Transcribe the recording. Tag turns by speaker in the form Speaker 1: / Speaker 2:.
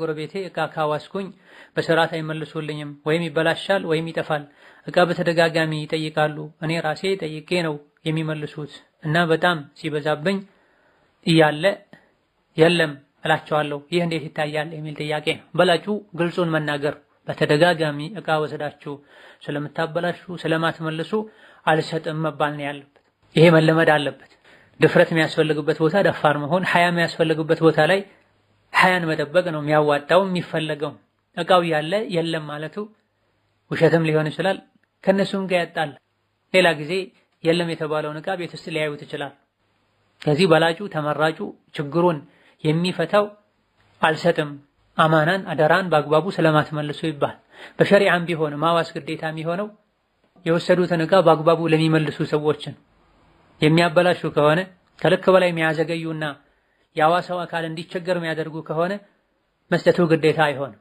Speaker 1: ጎረቤቴ እቃ ካዋስኩኝ በስርዓት አይመልሱልኝም፣ ወይም ይበላሻል ወይም ይጠፋል። እቃ በተደጋጋሚ ይጠይቃሉ። እኔ ራሴ ጠይቄ ነው የሚመልሱት እና በጣም ሲበዛብኝ እያለ የለም እላቸዋለሁ። ይህ እንዴት ይታያል የሚል ጥያቄ ነው። በላጩ ግልጹን መናገር በተደጋጋሚ እቃ ወሰዳችሁ ስለምታበላሹ ስለማትመልሱ አልሰጥም መባል ነው ያለበት። ይሄ መለመድ አለበት። ድፍረት የሚያስፈልግበት ቦታ ደፋር መሆን፣ ሀያ የሚያስፈልግበት ቦታ ላይ ሀያን መጠበቅ ነው የሚያዋጣው የሚፈለገው። እቃው ያለ የለም ማለቱ ውሸትም ሊሆን ይችላል፣ ከነሱም ጋር ያጣል። ሌላ ጊዜ የለም የተባለውን እቃ ቤት ውስጥ ሊያዩት ይችላል። ከዚህ በላጩ ተመራጩ ችግሩን የሚፈታው አልሰጥም አማናን አደራን በአግባቡ ስለማትመልሱ ይባል። በሸሪዓም ቢሆን ማዋስ ግዴታ የሚሆነው የወሰዱትን እቃ በአግባቡ ለሚመልሱ ሰዎችን። የሚያበላሹ ከሆነ ከልክ በላይ የሚያዘገዩና የአዋሳው አካል እንዲቸገር የሚያደርጉ ከሆነ መስጠቱ ግዴታ አይሆንም።